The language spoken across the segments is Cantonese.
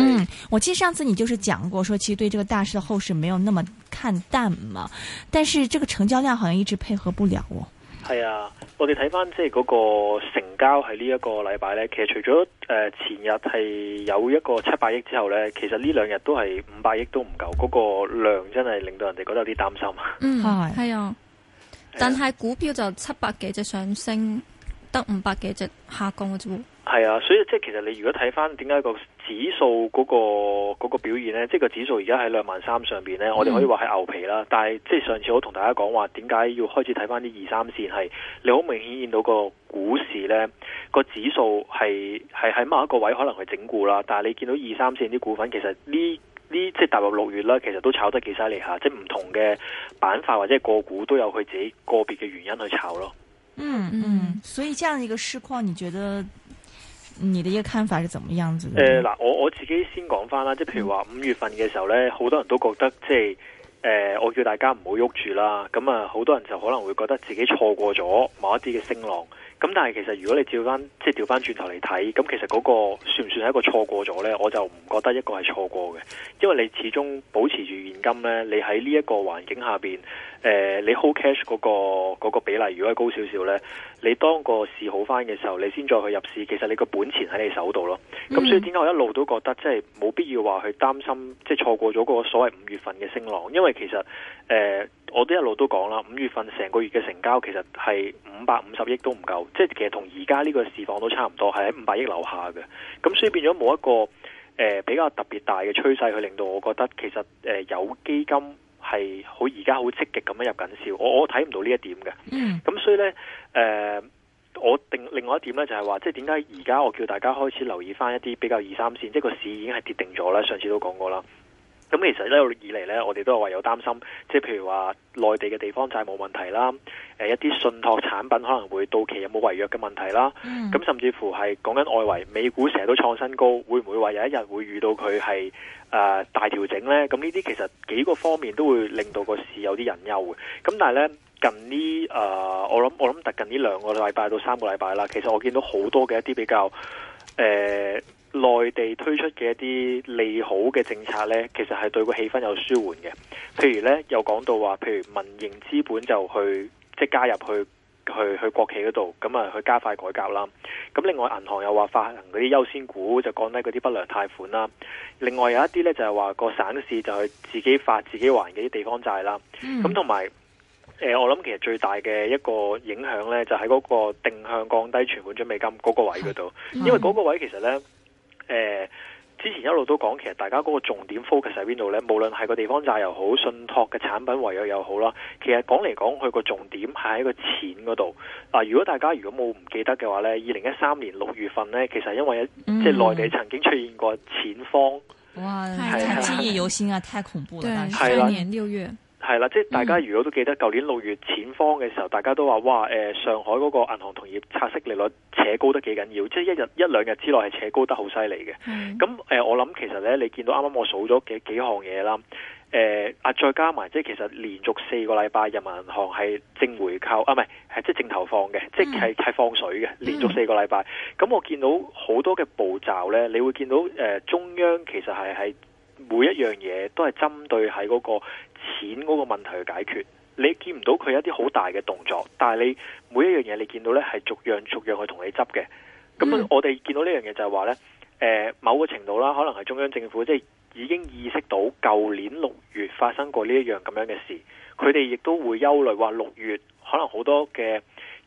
嗯，我其實上次你就是講過，說其實對這個大市的後市沒有那麼看淡嘛，但是這個成交量好像一直配合不了喎、哦。係啊，我哋睇翻即係嗰個成交喺呢一個禮拜呢。其實除咗誒、呃、前日係有一個七百億之後呢，其實呢兩日都係五百億都唔夠，嗰、那個量真係令到人哋覺得有啲擔心。嗯，係 啊，啊，但係股票就七百幾隻上升，得五百幾隻下降嘅啫。係啊，所以即係其實你如果睇翻點解個。指數嗰個嗰個表現呢，即係個指數而家喺兩萬三上邊呢，嗯、我哋可以話係牛皮啦。但係即係上次我同大家講話，點解要開始睇翻啲二三線係？你好明顯見到個股市呢、個指數係係喺某一個位可能係整固啦。但係你見到二三線啲股份，其實呢呢即係踏入六月啦，其實都炒得幾犀利嚇。即係唔同嘅板塊或者個股都有佢自己個別嘅原因去炒咯。嗯嗯，所以這樣一個市況，你覺得？你嘅一個看法係怎麼樣子的？誒、呃，嗱，我我自己先講翻啦，即係譬如話五月份嘅時候呢，好、嗯、多人都覺得即係誒、呃，我叫大家唔好喐住啦，咁啊，好多人就可能會覺得自己錯過咗某一啲嘅升浪。咁但係其實如果你調翻即係調翻轉頭嚟睇，咁其實嗰個算唔算係一個錯過咗呢？我就唔覺得一個係錯過嘅，因為你始終保持住現金呢，你喺呢一個環境下邊，誒、呃，你 hold cash 嗰、嗰個、嗰個比例如果係高少少呢。你當個市好返嘅時候，你先再去入市。其實你個本錢喺你手度咯。咁所以點解我一路都覺得即係冇必要話去擔心，即係錯過咗個所謂五月份嘅升浪？因為其實誒、呃，我都一路都講啦，五月份成個月嘅成交其實係五百五十億都唔夠。即係其實同而家呢個市況都差唔多，係喺五百億樓下嘅。咁所以變咗冇一個誒、呃、比較特別大嘅趨勢去令到我覺得其實、呃、有基金，係好而家好積極咁樣入緊市，我我睇唔到呢一點嘅。咁、mm. 所以呢，誒、呃，我定另外一點呢就係話，即係點解而家我叫大家開始留意返一啲比較二三線，即係個市已經係跌定咗啦。上次都講過啦。咁其實呢，以嚟呢，我哋都係話有擔心，即係譬如話內地嘅地方債冇問題啦，誒、呃、一啲信託產品可能會到期有冇違約嘅問題啦。咁、mm. 甚至乎係講緊外圍，美股成日都創新高，會唔會話有一日會遇到佢係，誒、呃、大調整咧，咁呢啲其實幾個方面都會令到個市有啲隱憂嘅。咁但係咧，近呢誒、呃，我諗我諗近呢兩個禮拜到三個禮拜啦，其實我見到好多嘅一啲比較誒、呃、內地推出嘅一啲利好嘅政策咧，其實係對個氣氛有舒緩嘅。譬如咧，又講到話，譬如民營資本就去即係加入去。去去國企嗰度，咁啊去加快改革啦。咁另外銀行又話發行嗰啲優先股，就降低嗰啲不良貸款啦。另外有一啲咧就係、是、話個省市就去自己發自己還嗰啲地方債啦。咁同埋，誒、呃、我諗其實最大嘅一個影響咧，就喺、是、嗰個定向降低存款準備金嗰個位嗰度，嗯，因為嗰個位其實咧，誒、呃。之前一路都講，其實大家嗰個重點 focus 喺邊度呢？無論係個地方債又好，信託嘅產品為有又好啦，其實講嚟講去個重點係喺個錢嗰度。嗱，如果大家如果冇唔記得嘅話呢，二零一三年六月份呢，其實因為、嗯、即係內地曾經出現過錢荒。哇！太記憶猶新啊，太恐怖啦！上年六月。係啦，即係大家如果都記得舊年六月錢荒嘅時候，大家都話哇，誒，上海嗰個銀行同業拆息利率扯高得幾緊要，即係一日一兩日之內係扯高得好犀利嘅。咁誒、呃，我諗其實咧，你見到啱啱我數咗幾幾項嘢啦，誒、呃、啊，再加埋即係其實連續四個禮拜人民銀行係正回購啊，不是，唔係係即係正投放嘅，即係係放水嘅，連續四個禮拜。咁我見到好多嘅步驟咧，你會見到誒、呃、中央其實係係每一樣嘢都係針對喺嗰、那個。錢嗰個問題去解決，你見唔到佢一啲好大嘅動作，但係你每一樣嘢你見到呢係逐樣逐樣去同你執嘅。咁我哋見到呢樣嘢就係話呢，誒、呃，某個程度啦，可能係中央政府即係、就是、已經意識到舊年六月發生過呢一樣咁樣嘅事，佢哋亦都會憂慮話六月可能好多嘅。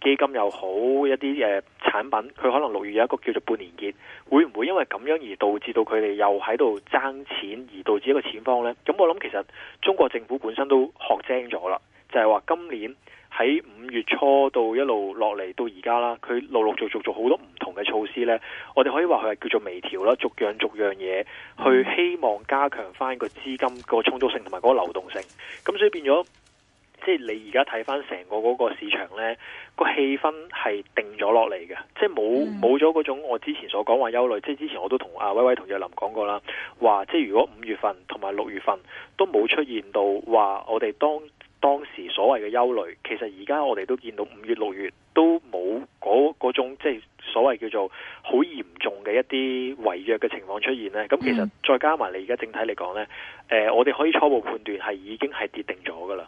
基金又好一啲誒、呃、產品，佢可能六月有一個叫做半年結，會唔會因為咁樣而導致到佢哋又喺度爭錢而導致一個錢荒咧？咁我諗其實中國政府本身都學精咗啦，就係、是、話今年喺五月初到一路落嚟到而家啦，佢陸陸續續做好多唔同嘅措施咧，我哋可以話，佢係叫做微調啦，逐樣逐樣嘢去希望加強翻個資金個充足性同埋個流動性，咁所以變咗。即係你而家睇翻成個嗰個市場呢，個氣氛係定咗落嚟嘅，即係冇冇咗嗰種我之前所講話憂慮。即係之前我都同阿威威同葉林講過啦，話即係如果五月份同埋六月份都冇出現到話，我哋當當時所謂嘅憂慮，其實而家我哋都見到五月六月都冇嗰嗰種即係所謂叫做好嚴重嘅一啲違約嘅情況出現呢。咁其實再加埋你而家整體嚟講呢，誒、呃，我哋可以初步判斷係已經係跌定咗噶啦。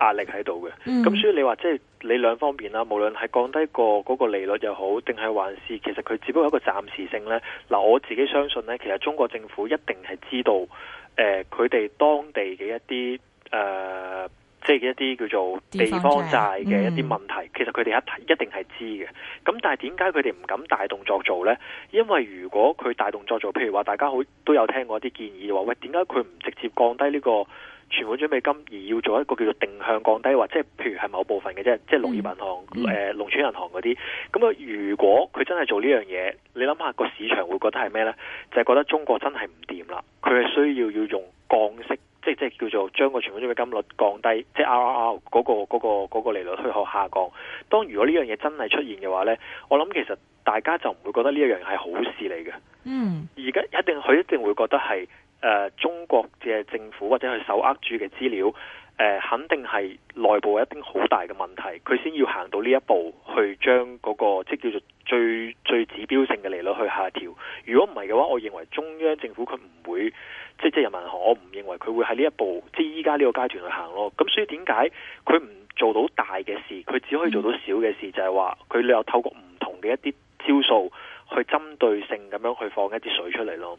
壓力喺度嘅，咁、嗯、所以你話即係你兩方面啦，無論係降低個嗰個利率又好，定係還是，還是其實佢只不過係一個暫時性呢。嗱，我自己相信呢，其實中國政府一定係知道，呃、佢哋當地嘅一啲誒、呃，即係一啲叫做地方債嘅一啲問題，嗯、其實佢哋一一定係知嘅。咁但係點解佢哋唔敢大動作做呢？因為如果佢大動作做，譬如話大家好都有聽過一啲建議話，喂，點解佢唔直接降低呢個？存款準備金而要做一個叫做定向降低，或者係譬如係某部分嘅啫，即係農業銀行、誒、嗯嗯呃、農村銀行嗰啲。咁啊，如果佢真係做呢樣嘢，你諗下個市場會覺得係咩呢？就係、是、覺得中國真係唔掂啦。佢係需要要用降息，即、就、係、是就是、叫做將個存款準備金率降低，即係 RRR 嗰個利率推後下降。當如果呢樣嘢真係出現嘅話呢，我諗其實大家就唔會覺得呢一樣係好事嚟嘅。嗯，而家一定佢一定會覺得係。誒、呃，中國嘅政府或者佢手握住嘅資料，誒、呃，肯定係內部有一啲好大嘅問題，佢先要行到呢一步去將嗰、那個即叫做最最指標性嘅利率去下調。如果唔係嘅話，我認為中央政府佢唔會即即係人民銀行，我唔認為佢會喺呢一步，即係依家呢個階段去行咯。咁所以點解佢唔做到大嘅事，佢只可以做到小嘅事，嗯、就係話佢又透過唔同嘅一啲招數去針對性咁樣去放一啲水出嚟咯。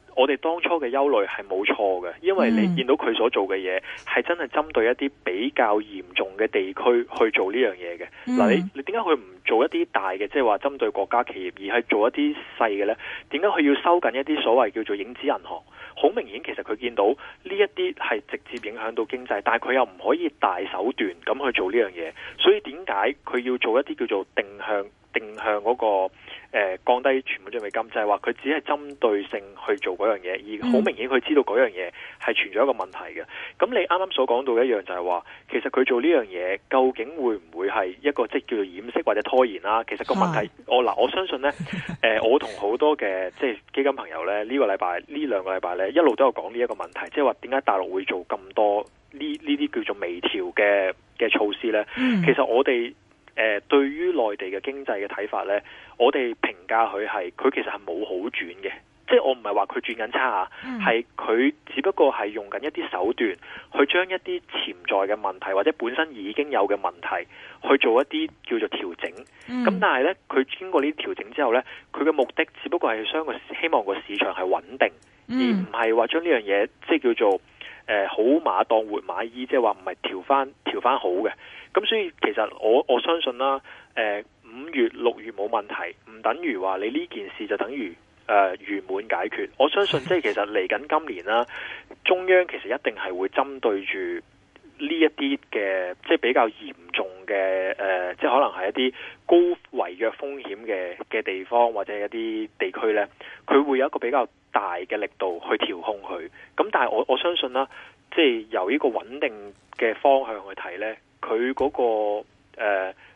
我哋當初嘅憂慮係冇錯嘅，因為你見到佢所做嘅嘢係真係針對一啲比較嚴重嘅地區去做呢樣嘢嘅。嗱，你你點解佢唔做一啲大嘅，即係話針對國家企業，而係做一啲細嘅呢？點解佢要收緊一啲所謂叫做影子銀行？好明顯，其實佢見到呢一啲係直接影響到經濟，但係佢又唔可以大手段咁去做呢樣嘢，所以點解佢要做一啲叫做定向？定向嗰、那個誒、呃、降低存款準備金，就係話佢只係針對性去做嗰樣嘢，而好明顯，佢知道嗰樣嘢係存在一個問題嘅。咁你啱啱所講到一樣就，就係話其實，佢做呢樣嘢究竟會唔會係一個即係叫做掩飾或者拖延啦、啊？其實個問題， 我嗱我相信咧，誒、呃，我同好多嘅即係基金朋友咧，呢、這個、個禮拜呢兩個禮拜咧一路都有講呢一個問題，即係話點解大陸會做咁多呢呢啲叫做微調嘅嘅措施咧？ 其實我哋。誒、呃，對於內地嘅經濟嘅睇法咧，我哋評價佢係，佢其實係冇好轉嘅，即係我唔係話佢轉緊差啊，係、嗯、佢只不過係用緊一啲手段去將一啲潛在嘅問題或者本身已經有嘅問題去做一啲叫做調整。咁、嗯、但係咧，佢經過呢啲調整之後咧，佢嘅目的只不過係想個希望個市場係穩定，而唔係話將呢樣嘢即係叫做。誒、呃、好馬當活馬醫，即係話唔係調翻調翻好嘅。咁所以其實我我相信啦、啊。誒、呃、五月六月冇問題，唔等於話你呢件事就等於誒圓、呃、滿解決。我相信即係其實嚟緊今年啦、啊，中央其實一定係會針對住呢一啲嘅即係比較嚴重嘅誒、呃，即係可能係一啲高違約風險嘅嘅地方或者一啲地區咧，佢會有一個比較。大嘅力度去調控佢，咁但係我我相信啦，即係由呢個穩定嘅方向去睇咧，佢嗰、嗰個誒。呃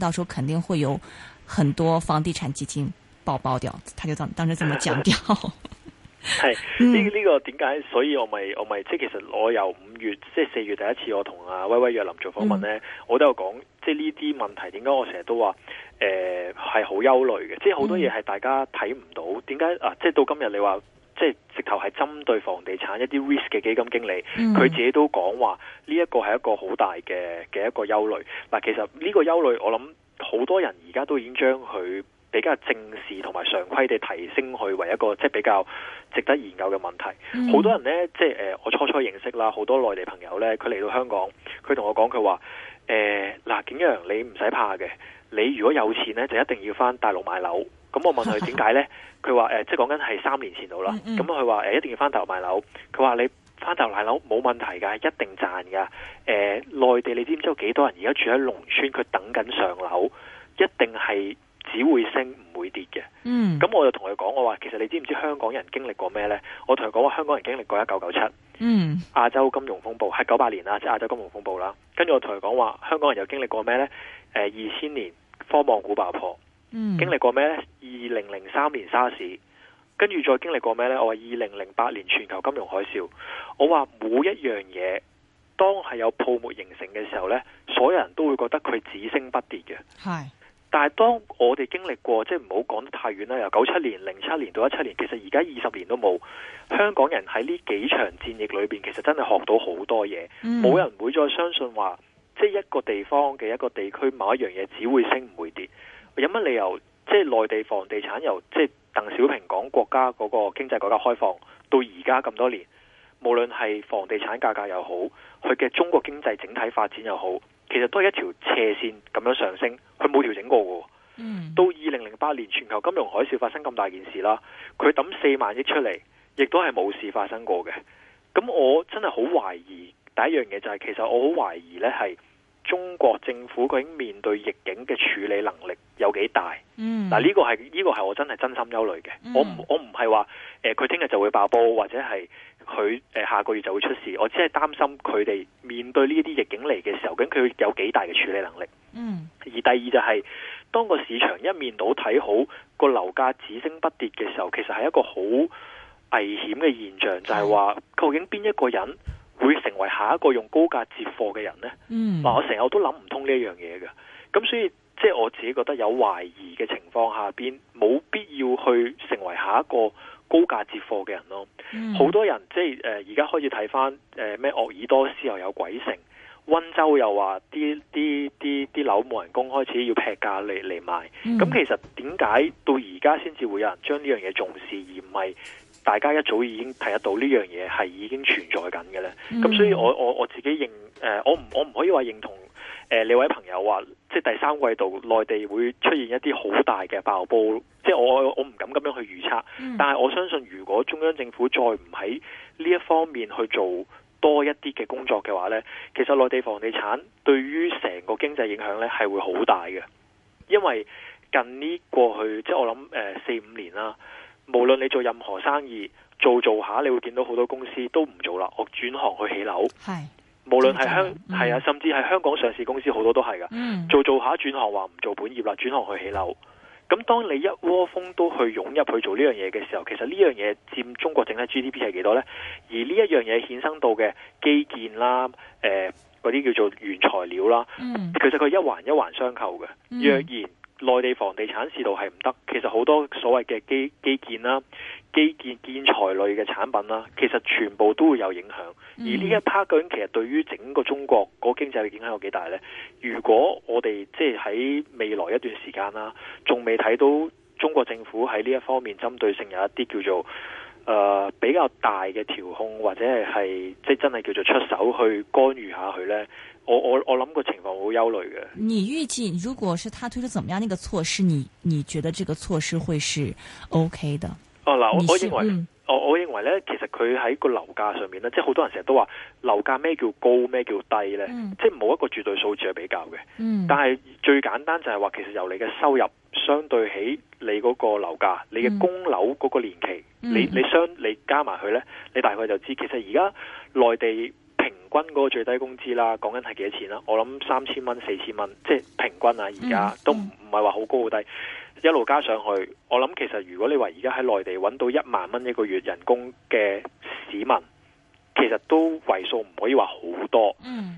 到時候肯定會有很多房地產基金爆爆掉，他就當當時這麼講掉。係呢呢個點解、這個？所以我咪我咪即係其實我由五月即係四月第一次我同阿威威若林做訪問咧、嗯，我都有講，即係呢啲問題點解我成日都話誒係好憂慮嘅，即係好多嘢係大家睇唔到，點、嗯、解啊？即、就、係、是、到今日你話。即係直頭係針對房地產一啲 risk 嘅基金經理，佢、嗯、自己都講話呢一個係一個好大嘅嘅一個憂慮。嗱，其實呢個憂慮我諗好多人而家都已經將佢比較正視同埋常規地提升佢為一個即係比較值得研究嘅問題。好、嗯、多人呢，即係誒，我初初認識啦，好多內地朋友呢，佢嚟到香港，佢同我講佢話誒嗱，景羊你唔使怕嘅，你如果有錢呢，就一定要返大陸買樓。咁我問佢點解呢？佢話即係講緊係三年前度啦。咁佢話一定要翻頭買樓。佢話你翻頭買樓冇問題㗎，一定賺㗎。誒、呃，內地你知唔知有幾多人而家住喺農村？佢等緊上樓，一定係只會升唔會跌嘅。咁、嗯、我就同佢講，我話其實你知唔知香港人經歷過咩呢？我同佢講話香港人經歷過一九九七，嗯，亞洲金融風暴係九八年啦，即係亞洲金融風暴啦。跟住我同佢講話，香港人又經歷過咩呢？二、呃、千年科網股爆破。嗯、經歷過咩咧？二零零三年沙士，跟住再經歷過咩咧？我話二零零八年全球金融海嘯。我話每一樣嘢，當係有泡沫形成嘅時候咧，所有人都會覺得佢只升不跌嘅。係，但係當我哋經歷過，即係唔好講得太遠啦。由九七年、零七年到一七年，其實而家二十年都冇。香港人喺呢幾場戰役裏邊，其實真係學到好多嘢。嗯、冇人會再相信話，即係一個地方嘅一個地區某一樣嘢只會升唔會跌。有乜理由？即係內地房地產由即係鄧小平講國家嗰個經濟改革開放到而家咁多年，無論係房地產價格又好，佢嘅中國經濟整體發展又好，其實都係一條斜線咁樣上升，佢冇調整過嘅。Mm. 到二零零八年全球金融海嘯發生咁大件事啦，佢抌四萬億出嚟，亦都係冇事發生過嘅。咁我真係好懷疑第一樣嘢就係、是，其實我好懷疑呢係。中國政府究竟面對逆境嘅處理能力有幾大？嗯，嗱、這、呢個係呢個係我真係真心憂慮嘅、嗯。我唔我唔係話誒佢聽日就會爆煲，或者係佢、呃、下個月就會出事。我只係擔心佢哋面對呢啲逆境嚟嘅時候，究竟佢有幾大嘅處理能力？嗯。而第二就係、是，當個市場一面倒睇好個樓價只升不跌嘅時候，其實係一個好危險嘅現象，嗯、就係、是、話究竟邊一個人？會成為下一個用高價接貨嘅人呢？嗱、mm.，我成日都諗唔通呢樣嘢嘅，咁所以即係、就是、我自己覺得有懷疑嘅情況下邊，冇必要去成為下一個高價接貨嘅人咯。好、mm. 多人即係而家開始睇翻咩鄂爾多斯又有鬼城，溫州又話啲啲啲啲樓冇人工開始要劈價嚟嚟賣。咁、mm. 其實點解到而家先至會有人將呢樣嘢重視，而唔係？大家一早已經睇得到呢樣嘢係已經存在緊嘅咧，咁所以我，我我我自己認，誒、呃，我唔我唔可以話認同誒你、呃、位朋友話，即係第三季度內地會出現一啲好大嘅爆煲，即係我我唔敢咁樣去預測。嗯、但係我相信，如果中央政府再唔喺呢一方面去做多一啲嘅工作嘅話咧，其實內地房地產對於成個經濟影響咧係會好大嘅，因為近呢過去即係我諗誒四五年啦。無論你做任何生意，做做下你會見到好多公司都唔做啦，我轉行去起樓。係，無論係香係啊，甚至係香港上市公司好多都係噶、嗯。做做下轉行話唔做本業啦，轉行去起樓。咁當你一窩蜂都去湧入去做呢樣嘢嘅時候，其實呢樣嘢佔中國整體 GDP 係幾多呢？而呢一樣嘢衍生到嘅基建啦，誒、呃，嗰啲叫做原材料啦，嗯、其實佢一環一環相扣嘅、嗯。若然內地房地產市道係唔得，其實好多所謂嘅基基建啦、基建基建材類嘅產品啦，其實全部都會有影響。嗯、而呢一 part 究竟其實對於整個中國個經濟嘅影響有幾大呢？如果我哋即係喺未來一段時間啦，仲未睇到中國政府喺呢一方面針對性有一啲叫做誒、呃、比較大嘅調控，或者係即係真係叫做出手去干預下佢呢。我我我諗個情況好憂慮嘅。你預計如果是他推出怎麼樣一、那個措施，你你覺得這個措施會是 O、OK、K 的？哦、嗯、嗱、嗯，我認為我，我認為咧，其實佢喺個樓價上面咧，即係好多人成日都話樓價咩叫高咩叫低咧、嗯，即係冇一個絕對數字係比較嘅、嗯。但係最簡單就係話，其實由你嘅收入相對起你嗰個樓價、嗯，你嘅供樓嗰個年期，嗯、你你你加埋去咧，你大概就知道其實而家內地。均、那、嗰個最低工資啦，講緊係幾多錢啦？我諗三千蚊、四千蚊，即係平均啊！而家都唔唔係話好高好低，一路加上去，我諗其實如果你話而家喺內地揾到一萬蚊一個月人工嘅市民，其實都為數唔可以話好多。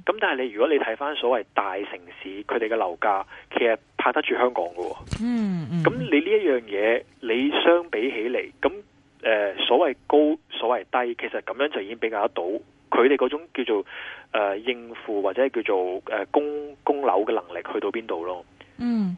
咁但係你如果你睇翻所謂大城市佢哋嘅樓價，其實拍得住香港嘅喎。咁你呢一樣嘢，你相比起嚟，咁誒、呃、所謂高、所謂低，其實咁樣就已經比較得到。佢哋嗰種叫做誒、呃、應付或者叫做誒、呃、供供樓嘅能力去到邊度咯？嗯，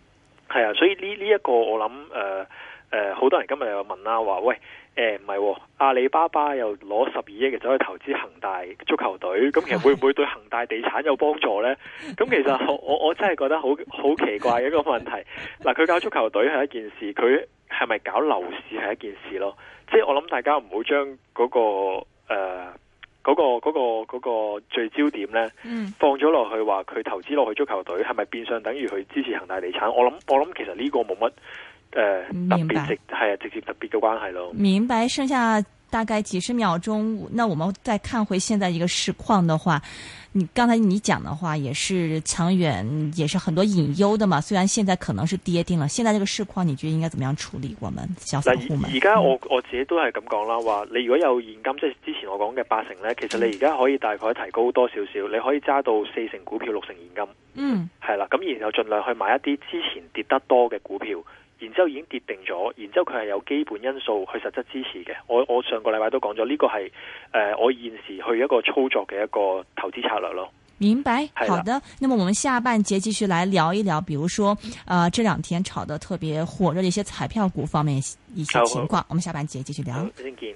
係啊，所以呢呢一個我諗誒誒，好、呃呃、多人今日又問啦、啊，話喂誒唔係阿里巴巴又攞十二億嘅走去投資恒大足球隊，咁其實會唔會對恒大地產有幫助咧？咁 其實我我，我真係覺得好好奇怪嘅一個問題。嗱，佢搞足球隊係一件事，佢係咪搞樓市係一件事咯？即係我諗大家唔好將嗰個誒。呃嗰個嗰個嗰個聚焦點咧，嗯，放咗落去話佢投資落去足球隊，係咪變相等於佢支持恒大地產？我諗我諗其實呢個冇乜誒特別直係啊直接特別嘅關係咯。明白，剩下。大概幾十秒鐘，那我們再看回現在一個市況的話，你剛才你講的話也是長遠，也是很多隱憂的嘛。雖然現在可能是跌定了，現在這個市況，你覺得應該怎麼樣處理？我們小散戶們？而家我我自己都係咁講啦，話、嗯、你如果有現金，即係之前我講嘅八成呢，其實你而家可以大概提高多少少，你可以揸到四成股票，六成現金。嗯，係啦，咁然後盡量去買一啲之前跌得多嘅股票。然之後已經跌定咗，然之後佢係有基本因素去實質支持嘅。我我上個禮拜都講咗，呢個係誒我現時去一個操作嘅一個投資策略咯。明白，好的、的。那麼我們下半節繼續來聊一聊，比如說這、呃、這兩天炒得特別火熱嘅一些彩票股方面一些情況。好好，我們下半節繼續聊。再見。